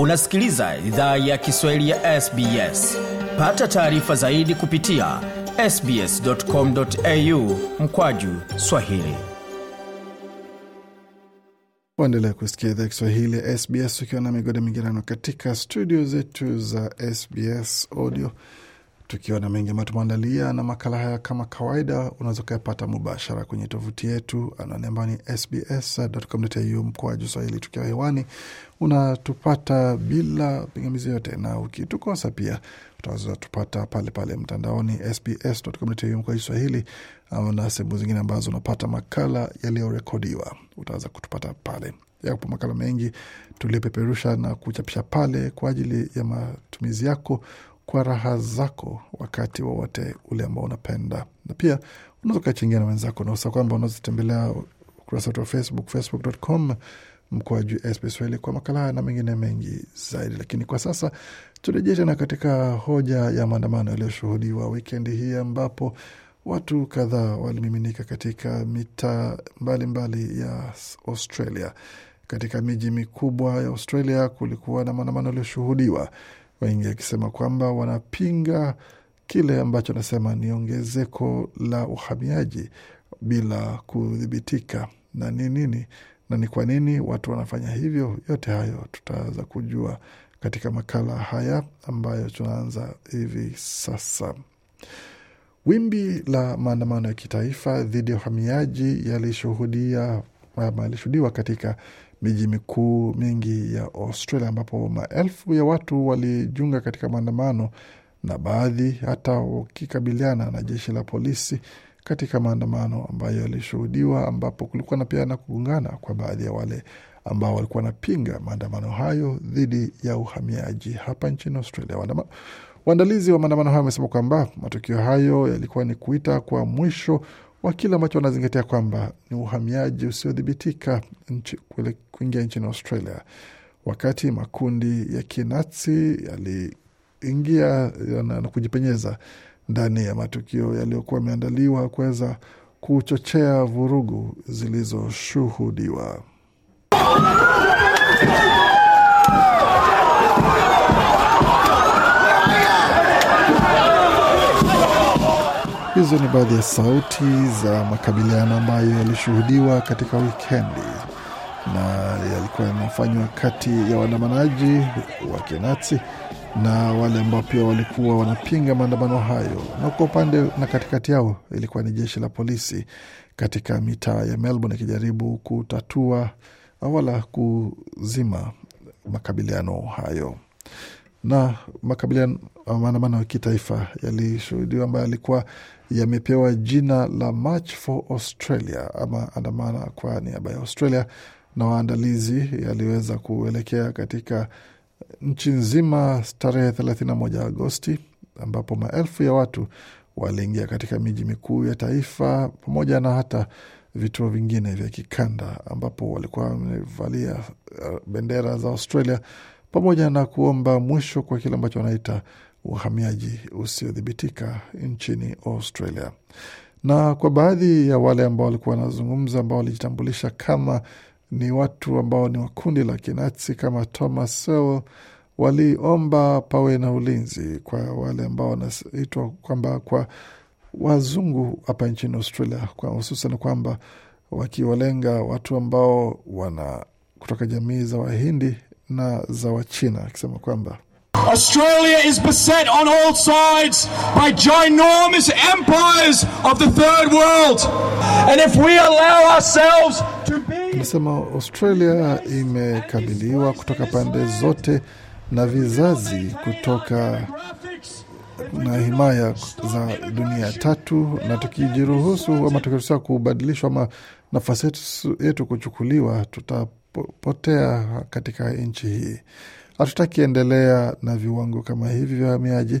unasikiliza idhaa ya kiswahili ya sbs pata taarifa zaidi kupitia sbscomau mkwaju swahili waendelea kusikia idhaa kiswahili ya sbs ukiwa na migode migirano katika studio zetu za sbs audio tukiwa na mengi ambayo tumeandalia. Na makala haya kama kawaida, unaweza ukayapata mubashara kwenye tovuti yetu, anwani ambayo ni sbs.com.au juu swahili. Tukiwa hewani, unatupata bila pingamizi yote, na ukitukosa pia utaweza tupata pale pale mtandaoni sbs.com.au juu swahili, na sehemu zingine ambazo unapata makala yaliyorekodiwa, utaweza kutupata pale yapo makala mengi tuliopeperusha na kuchapisha pale kwa ajili ya matumizi yako kwa raha zako wakati wowote ule ambao unapenda, na pia unaweza ukachangia na wenzako, nausa kwamba unazitembelea ukurasa wetu wa Facebook, facebook.com juu SBS Swahili kwa makala haya na mengine mengi zaidi. Lakini kwa sasa turejee tena katika hoja ya maandamano yaliyoshuhudiwa wikendi hii ambapo watu kadhaa walimiminika katika mitaa mbalimbali ya Australia. Katika miji mikubwa ya Australia kulikuwa na maandamano yaliyoshuhudiwa wengi akisema kwamba wanapinga kile ambacho anasema ni ongezeko la uhamiaji bila kudhibitika na ni nini na ni kwa nini watu wanafanya hivyo. Yote hayo tutaweza kujua katika makala haya ambayo tunaanza hivi sasa. Wimbi la maandamano ya kitaifa dhidi ya uhamiaji yalishuhudiwa katika miji mikuu mingi ya Australia ambapo maelfu ya watu walijiunga katika maandamano na baadhi hata wakikabiliana na jeshi la polisi katika maandamano ambayo yalishuhudiwa, ambapo kulikuwa na pia na kugongana kwa baadhi ya wale ambao walikuwa wanapinga maandamano hayo dhidi ya uhamiaji hapa nchini Australia. waandalizi wa maandamano hayo wamesema kwamba matukio hayo yalikuwa ni kuita kwa mwisho wa kile ambacho wanazingatia kwamba ni uhamiaji usiodhibitika kuingia nchini Australia, wakati makundi ya kinazi yaliingia na kujipenyeza ndani ya matukio yaliyokuwa yameandaliwa kuweza kuchochea vurugu zilizoshuhudiwa. Hizo ni baadhi ya sauti za makabiliano ambayo yalishuhudiwa katika wikendi na yalikuwa yanafanywa kati ya waandamanaji wa Kenazi na wale ambao pia walikuwa wanapinga maandamano hayo, na kwa upande na katikati yao ilikuwa ni jeshi la polisi katika mitaa ya Melbourne ikijaribu kutatua wala kuzima makabiliano hayo na makabiliano maandamano ya kitaifa yalishuhudiwa ambayo yalikuwa yamepewa jina la March for Australia ama andamana kwa niaba ya Australia, na waandalizi yaliweza kuelekea katika nchi nzima tarehe 31 Agosti, ambapo maelfu ya watu waliingia katika miji mikuu ya taifa pamoja na hata vituo vingine vya kikanda, ambapo walikuwa wamevalia uh, bendera za Australia pamoja na kuomba mwisho kwa kile ambacho wanaita uhamiaji usiodhibitika nchini Australia. Na kwa baadhi ya wale ambao walikuwa wanazungumza, ambao walijitambulisha kama ni watu ambao ni wakundi la kinazi kama Thomas Sowell waliomba pawe na ulinzi kwa wale ambao wanaitwa kwamba kwa wazungu hapa nchini Australia, kwa hususan kwamba wakiwalenga watu ambao wana kutoka jamii za Wahindi na za Wachina, akisema kwamba Australia is beset on all sides by ginormous empires of the third world. And if we allow ourselves to be... Amesema Australia imekabiliwa kutoka pande zote na vizazi kutoka na himaya za dunia tatu, na tukijiruhusu ama tukitaka kubadilishwa ama nafasi yetu kuchukuliwa, tutapotea katika nchi hii. Hatutaki endelea na viwango kama hivi vya uhamiaji,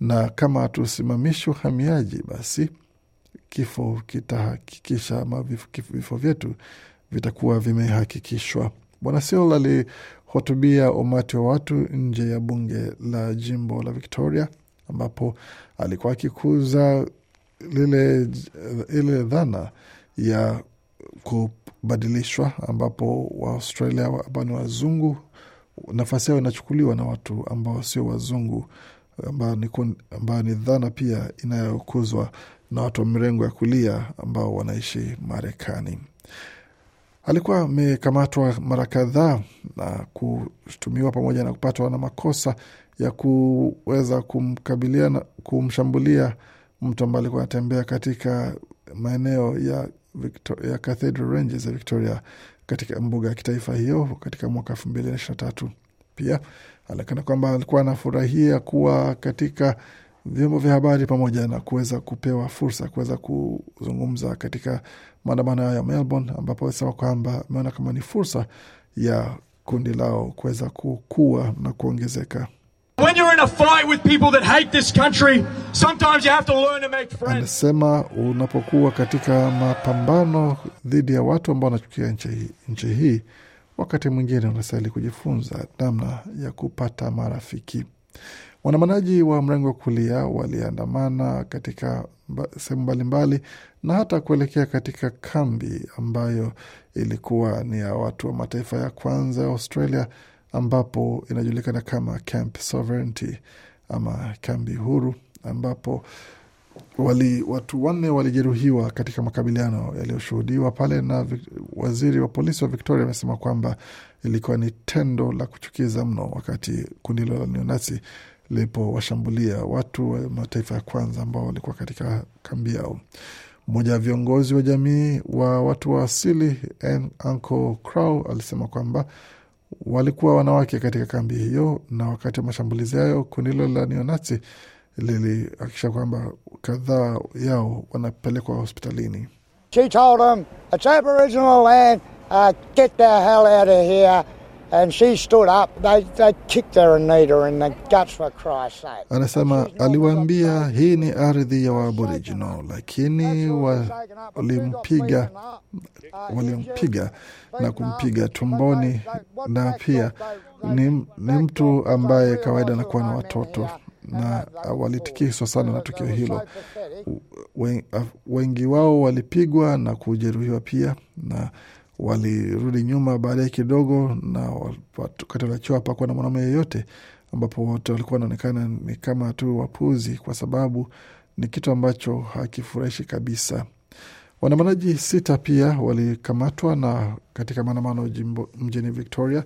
na kama hatusimamishi uhamiaji, basi kifo kitahakikisha ama vifo vyetu vitakuwa vimehakikishwa. Bwana Seoul alihutubia umati wa watu nje ya bunge la jimbo la Victoria, ambapo alikuwa akikuza lile, ile dhana ya kubadilishwa, ambapo Waaustralia ambao ni wazungu nafasi yao inachukuliwa na watu ambao sio wazungu, ambayo ni, ambayo ni dhana pia inayokuzwa na watu wa mrengo ya kulia ambao wanaishi Marekani. Alikuwa amekamatwa mara kadhaa na kutumiwa pamoja na kupatwa na makosa ya kuweza kumkabiliana, kumshambulia mtu ambaye alikuwa anatembea katika maeneo ya Victor, ya Cathedral Ranges ya Victoria katika mbuga ya kitaifa hiyo katika mwaka elfu mbili na ishirini na tatu. Pia alionekana kwamba alikuwa anafurahia kuwa katika vyombo vya habari pamoja na kuweza kupewa fursa ya kuweza kuzungumza katika maandamano hayo ya Melbourne, ambapo alisema kwamba ameona kama ni fursa ya kundi lao kuweza kukua na kuongezeka. Anasema unapokuwa katika mapambano dhidi ya watu ambao wanachukia nchi hii, nchi hii wakati mwingine unastahili kujifunza namna ya kupata marafiki. Waandamanaji wa mrengo wa kulia waliandamana katika sehemu mbalimbali na hata kuelekea katika kambi ambayo ilikuwa ni ya watu wa mataifa ya kwanza ya Australia ambapo inajulikana kama Camp Sovereignty ama kambi huru, ambapo wali, watu wanne walijeruhiwa katika makabiliano yaliyoshuhudiwa pale, na waziri wa polisi wa Victoria amesema kwamba ilikuwa ni tendo la kuchukiza mno wakati kundi hilo la neonazi lilipowashambulia watu wa mataifa ya kwanza ambao walikuwa katika kambi yao. Mmoja wa viongozi wa jamii wa watu wa asili Uncle Crow alisema kwamba walikuwa wanawake katika kambi hiyo, na wakati wa mashambulizi hayo kundi hilo la neonazi lilihakikisha kwamba kadhaa yao wanapelekwa hospitalini. She told them, It's aboriginal land, uh, get the hell out of here. Anasema aliwaambia hii ni ardhi ya Waaboriginal, lakini walimpiga uh, walimpiga na kumpiga tumboni, na pia ni, ni mtu ambaye kawaida anakuwa na watoto na walitikiswa sana na tukio hilo. Wengi wao walipigwa na kujeruhiwa pia na walirudi nyuma baadaye kidogo na wakatalachiwa hapakuwa na mwanaume yeyote, ambapo wote walikuwa wanaonekana ni kama tu wapuzi, kwa sababu ni kitu ambacho hakifurahishi kabisa. Waandamanaji sita pia walikamatwa na katika maandamano mjini Victoria,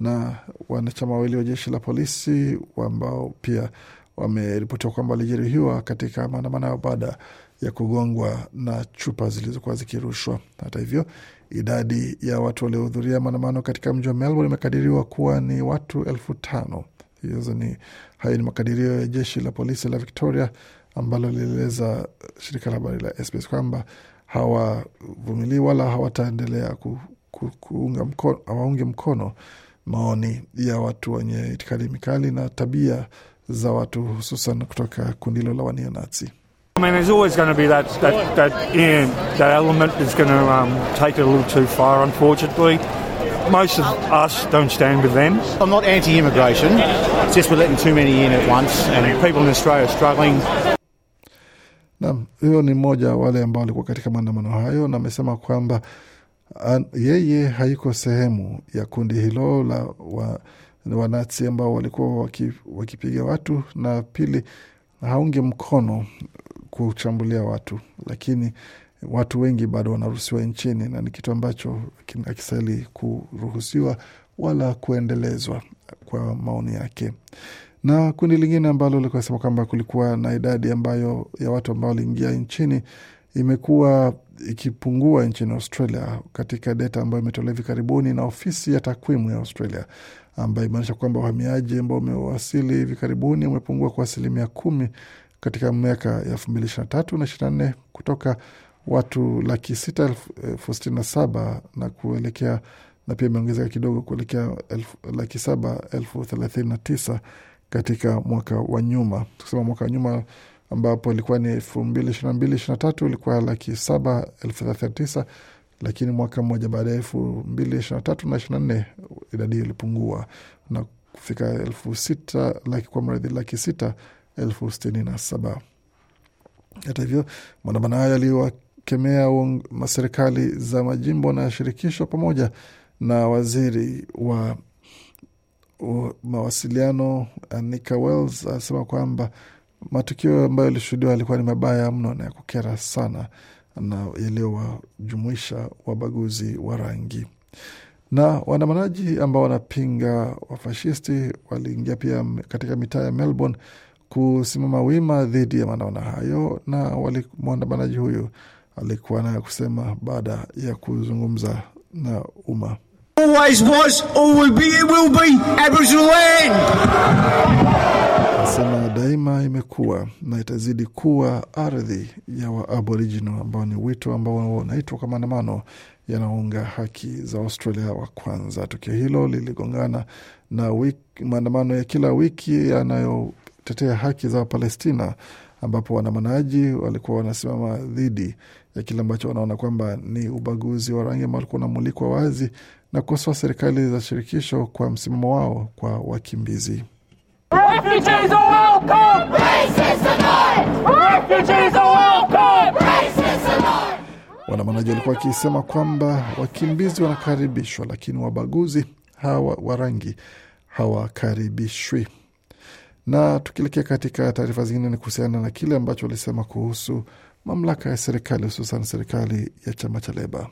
na wanachama wawili wa jeshi la polisi ambao pia wameripotiwa kwamba walijeruhiwa katika maandamano hayo baada ya kugongwa na chupa zilizokuwa zikirushwa. Hata hivyo, Idadi ya watu waliohudhuria maandamano katika mji wa Melbourne imekadiriwa kuwa ni watu elfu tano. Hizo ni hayo ni makadirio ya jeshi la polisi la Victoria ambalo lilieleza shirika la habari la SBS kwamba hawavumilii wala hawataendelea ku, ku, kuunga mkono, hawaungi mkono maoni ya watu wenye itikadi mikali na tabia za watu hususan kutoka kundi hilo la wanionazi. I mean, there's always going to be that that that, yeah, that element that's going to um, take it a little too far, unfortunately. Most of us don't stand with them. I'm not anti-immigration. It's just we're letting too many in at once, and people in Australia are struggling. Naam, huyo ni mmoja wa wale ambao walikuwa katika maandamano hayo na amesema kwamba yeye haiko sehemu ya kundi hilo la wa, wanazi ambao walikuwa wakipiga waki watu na pili haunge mkono kuchambulia watu, lakini watu wengi bado wanaruhusiwa nchini na ni kitu ambacho akistahili kuruhusiwa wala kuendelezwa kwa maoni yake. Na kundi lingine ambalo likuwa sema kwamba kulikuwa na idadi ambayo ya watu ambao waliingia nchini imekuwa ikipungua nchini Australia katika data ambayo imetolewa hivi karibuni na ofisi ya takwimu ya Australia ambayo imeonyesha kwamba uhamiaji ambao umewasili hivi karibuni umepungua kwa asilimia kumi katika miaka ya elfu mbili ishirini na tatu na ishirini na nne kutoka watu laki sita elfu sitini na saba na kuelekea na pia imeongezeka kidogo kuelekea laki saba elfu thelathini na tisa katika mwaka wa nyuma. Tukisema mwaka wa nyuma ambapo ilikuwa ni elfu mbili ishirini na mbili ishirini na tatu ilikuwa laki saba elfu thelathini na tisa lakini mwaka mmoja baada ya elfu mbili ishirini na tatu na ishirini na nne idadi ilipungua na kufika elfu sita laki kwa mradhi laki sita elfu sitini na saba. Hata hivyo maandamano hayo yaliwakemea serikali za majimbo na shirikisho pamoja na waziri wa mawasiliano nika Wells asema kwamba matukio ambayo yalishuhudiwa yalikuwa ni mabaya mno na ya kukera sana na yaliyowajumuisha wabaguzi wa rangi. Na waandamanaji ambao wanapinga wafashisti waliingia pia katika mitaa ya Melbourne kusimama wima dhidi ya maandamano hayo, na mwandamanaji huyu alikuwa nayo kusema baada ya kuzungumza na umma. Anasema daima imekuwa na itazidi kuwa ardhi ya Waaboriginal, ambao ni wito ambao unaitwa kwa maandamano yanaunga haki za Australia wa kwanza. Tukio hilo liligongana na maandamano ya kila wiki yanayo kutetea haki za Wapalestina, ambapo waandamanaji walikuwa wanasimama dhidi ya kile ambacho wanaona kwamba ni ubaguzi wa rangi ambao walikuwa unamulikwa wazi na kukosoa serikali za shirikisho kwa msimamo wao kwa wakimbizi. Waandamanaji walikuwa wakisema kwamba wakimbizi wanakaribishwa, lakini wabaguzi hawa wa rangi hawakaribishwi. Na tukielekea katika taarifa zingine, ni kuhusiana na kile ambacho walisema kuhusu mamlaka ya serikali, hususan serikali ya chama cha Leba.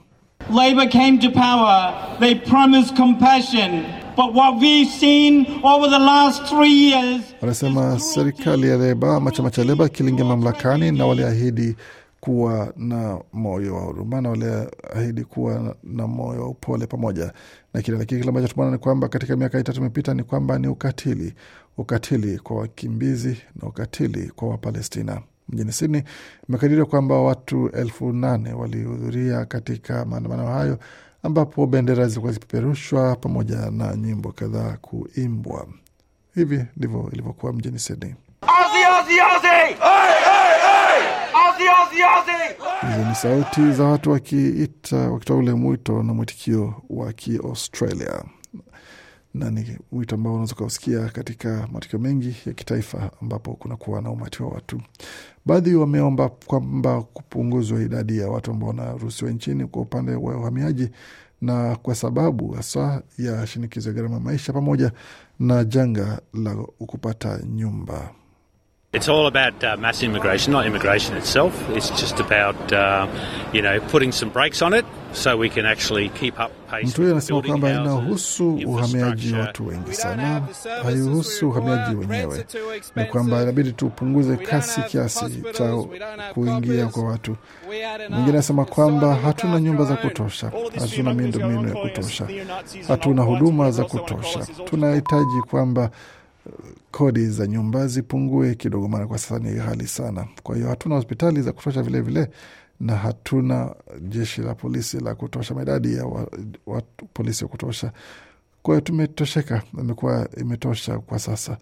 Labor came to power. They promised compassion. But what we've seen over the last three years... Wanasema serikali ya Leba ama chama cha Leba kilingia mamlakani na waliahidi kuwa na moyo wa huruma na waliahidi kuwa na moyo wa upole pamoja na kile. Lakini kile ambacho tumeona ni kwamba katika miaka itatu imepita ni kwamba ni ukatili, ukatili kwa wakimbizi na ukatili kwa Wapalestina. Mjini Sydney imekadiriwa kwamba watu elfu nane walihudhuria katika maandamano hayo ambapo bendera zilikuwa zipeperushwa pamoja na nyimbo kadhaa kuimbwa. Hivi ndivyo ilivyokuwa mjini Sydney. Hizo ni sauti za watu wakiita, wakitoa ule mwito na mwitikio wa Kiaustralia na ni wito ambao unaweza ukausikia katika matukio mengi ya kitaifa ambapo kunakuwa na umati wa watu. Baadhi wameomba kwamba kupunguzwa idadi ya watu ambao wanaruhusiwa nchini kwa upande wa uhamiaji, na kwa sababu hasa ya shinikizo ya gharama maisha pamoja na janga la kupata nyumba. It's all about uh, mass immigration, not immigration itself. It's just about, uh, you know, putting some brakes on it so we can actually keep up pace. Mtu huyo anasema kwamba inahusu uhamiaji wa watu wengi sana, haihusu uhamiaji wenyewe. Ni kwamba inabidi tupunguze kasi kiasi cha kuingia kwa watu. Mwingine anasema kwamba hatuna nyumba za kutosha, hatuna miundombinu ya kutosha, hatuna huduma za kutosha. Tunahitaji kwamba kodi za nyumba zipungue kidogo, maana kwa sasa ni ghali sana. Kwa hiyo hatuna hospitali za kutosha vilevile na hatuna jeshi la polisi la kutosha, maidadi ya wa, wa, polisi wa kutosha. Kwa hiyo tumetosheka, imekuwa imetosha kwa sasa.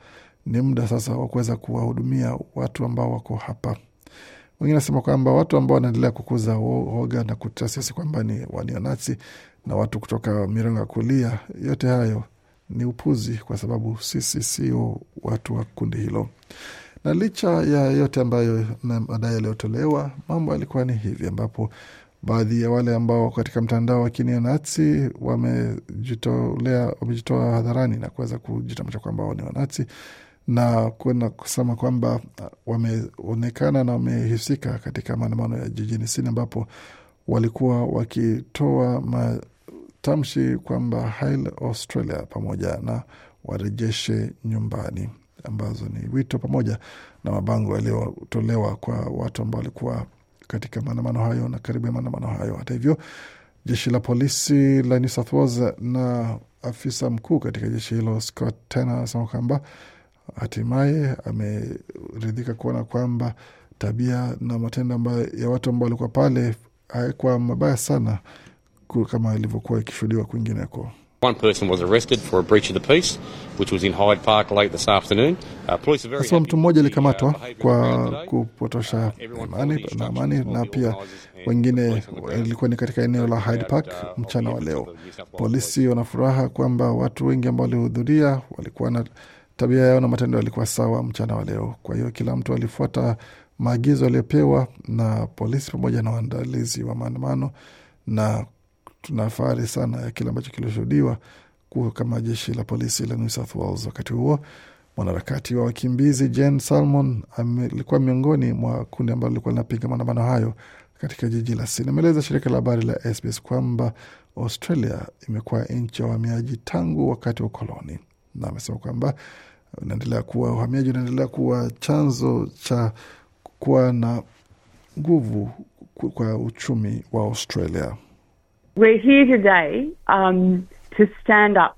Ni muda sasa wa kuweza kuwahudumia watu ambao wako hapa. Wengine nasema kwamba watu ambao wanaendelea kukuza hoga na kutasisi kwamba ni wanionazi na watu kutoka mirengo ya kulia, yote hayo ni upuzi, kwa sababu sisi sio watu wa kundi hilo. Na licha ya yote ambayo na madai yaliyotolewa, mambo yalikuwa ni hivi, ambapo baadhi ya wale ambao katika mtandao wa kineonazi wamejitolea wamejitoa hadharani na kuweza kujitambulisha kwamba wao ni wanazi na kuenda kusema kwamba wameonekana na wamehisika katika maandamano ya jijini Sydney ambapo walikuwa wakitoa tamshi kwamba Haile Australia pamoja na warejeshe nyumbani, ambazo ni wito pamoja na mabango yaliyotolewa kwa watu ambao walikuwa katika maandamano hayo na karibu ya maandamano hayo. Hata hivyo, jeshi la polisi la New South Wales na afisa mkuu katika jeshi hilo Scott Tena anasema kwamba hatimaye ameridhika kuona kwamba tabia na matendo ya watu ambao walikuwa pale hayakuwa mabaya sana kama ilivyokuwa ikishuhudiwa kwingineko. Nasema uh, mtu mmoja alikamatwa uh, kwa kupotosha imani na amani, na pia wengine ilikuwa ni katika eneo la Hyde uh, Park mchana wa leo. Polisi wana furaha kwamba watu wengi ambao walihudhuria walikuwa na tabia yao na matendo yalikuwa sawa mchana wa leo. Kwa hiyo kila mtu alifuata maagizo aliyopewa na polisi pamoja na waandalizi wa maandamano na tuna fahari sana ya kile ambacho kilishuhudiwa kuwa kama jeshi la polisi la New South Wales wakati huo. Mwanaharakati wa wakimbizi Jen Salmon alikuwa miongoni mwa kundi ambalo lilikuwa linapinga maandamano hayo katika jiji la Sydney. Ameeleza shirika la habari la SBS kwamba Australia imekuwa nchi ya uhamiaji tangu wakati wa ukoloni, na amesema kwamba unaendelea kuwa uhamiaji unaendelea kuwa chanzo cha kuwa na nguvu kwa uchumi wa Australia. We're here today, um, to stand up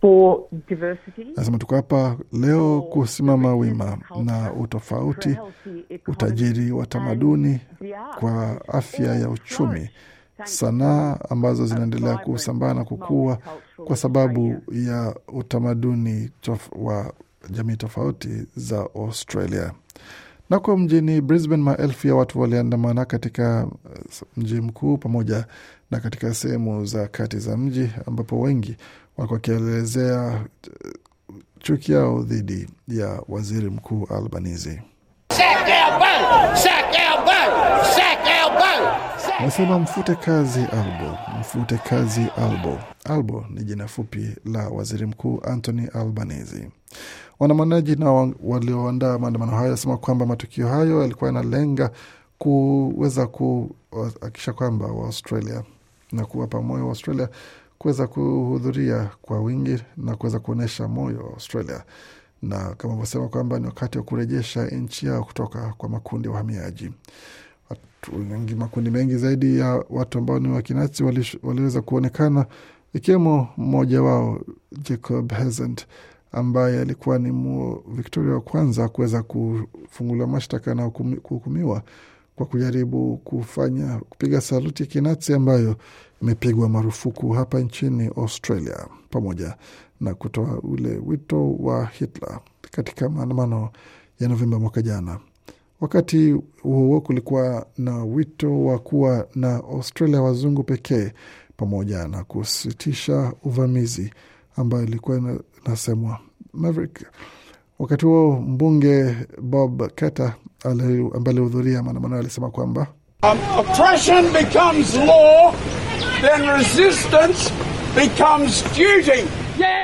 for diversity. Nasema tuko hapa leo kusimama wima na utofauti, utajiri wa tamaduni, kwa afya ya uchumi, sanaa ambazo zinaendelea kusambaa na kukua kwa sababu ya utamaduni wa jamii tofauti za Australia. Nako mjini Brisbane, maelfu ya watu waliandamana katika uh, mji mkuu pamoja na katika sehemu za kati za mji, ambapo wengi walikuwa wakielezea uh, chuki yao dhidi ya waziri mkuu Albanese. Nasema mfute kazi Albo, mfute kazi Albo. Albo ni jina fupi la waziri mkuu Anthony Albanese. Waandamanaji na walioandaa maandamano hayo wanasema kwamba matukio hayo yalikuwa yanalenga kuweza kuhakikisha kwamba Waaustralia na kuwapa moyo wa Australia kuweza kuhudhuria kwa wingi na kuweza kuonyesha moyo wa Australia, na kama vyosema kwamba ni wakati wa kurejesha nchi yao kutoka kwa makundi ya wa wahamiaji makundi mengi zaidi ya watu ambao ni wakinazi waliweza kuonekana, ikiwemo mmoja wao Jacob Hazant ambaye alikuwa ni mu Victoria wa kwanza kuweza kufunguliwa mashtaka na kuhukumiwa kwa kujaribu kufanya kupiga saluti ya kinazi ambayo imepigwa marufuku hapa nchini Australia, pamoja na kutoa ule wito wa Hitler katika maandamano ya Novemba mwaka jana. Wakati huo kulikuwa na wito wa kuwa na Australia wazungu pekee pamoja na kusitisha uvamizi ambayo ilikuwa inasemwa Maverick. Wakati huo mbunge Bob Carter ambaye alihudhuria maandamano alisema kwamba um,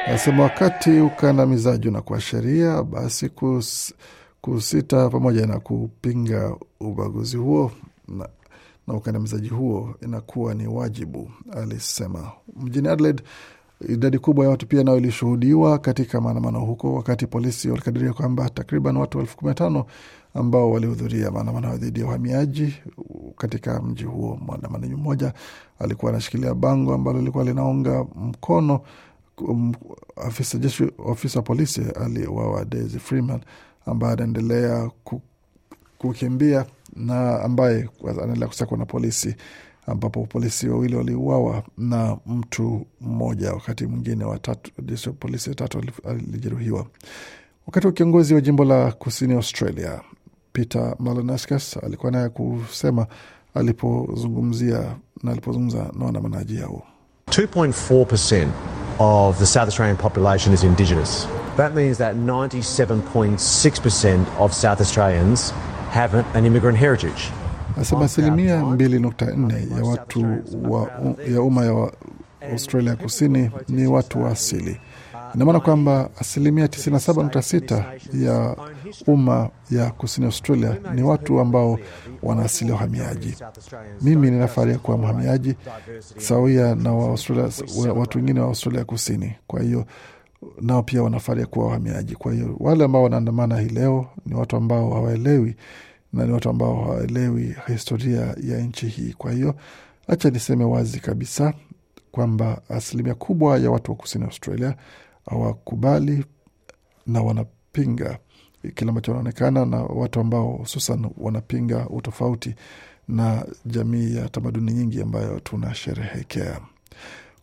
Anasema yeah! Wakati ukandamizaji unakuwa sheria, basi kus kusita pamoja na kupinga ubaguzi huo na, na ukandamizaji huo inakuwa ni wajibu, alisema. Mjini Adelaide, idadi kubwa ya watu pia nayo ilishuhudiwa katika maandamano huko, wakati polisi walikadiria kwamba takriban watu elfu kumi na tano ambao walihudhuria maandamano dhidi ya uhamiaji katika mji huo. Mwandamanaji mmoja alikuwa anashikilia bango ambalo lilikuwa linaunga mkono um, afisa jeshi, polisi aliyeuawa Daisy Freeman ambaye anaendelea kukimbia na ambaye anaendelea kusakwa na polisi ambapo polisi wawili waliuawa na mtu mmoja, wakati mwingine watatu, polisi watatu alijeruhiwa. Wakati wa kiongozi wa jimbo la kusini Australia Peter Malanaskas alikuwa naye kusema alipozungumzia na alipozungumza na wanamanaji hao. 2.4% of the South Australian population is indigenous. That means that 97.6% of South Australians have an immigrant heritage. Nasema asilimia 2.4 ya watu wa, ya umma ya wa Australia Kusini ni watu wa asili. Ina maana kwamba asilimia 97.6 ya umma ya kusini Australia ni watu ambao wana asili ya uhamiaji. Mimi nina fahari ya kuwa mhamiaji sawia na wa Australia, watu wengine wa Australia Kusini. Kwa hiyo nao pia wanafaria kuwa wahamiaji. Kwa hiyo wale ambao wanaandamana hii leo ni watu ambao hawaelewi na ni watu ambao hawaelewi historia ya nchi hii. Kwa hiyo acha niseme wazi kabisa kwamba asilimia kubwa ya watu wa kusini Australia hawakubali na wanapinga kile ambacho wanaonekana na watu ambao hususan wanapinga utofauti na jamii ya tamaduni nyingi ambayo tunasherehekea.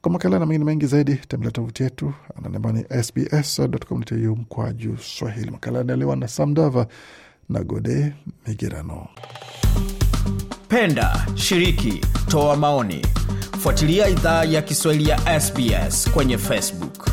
Kwa makala na mengine mengi zaidi tembelea tovuti yetu ananembani sbs.com.au mkwa juu Swahili. Makala yanaelewa na Samdava na Gode Migerano. Penda, shiriki, toa maoni, fuatilia idhaa ya Kiswahili ya SBS kwenye Facebook.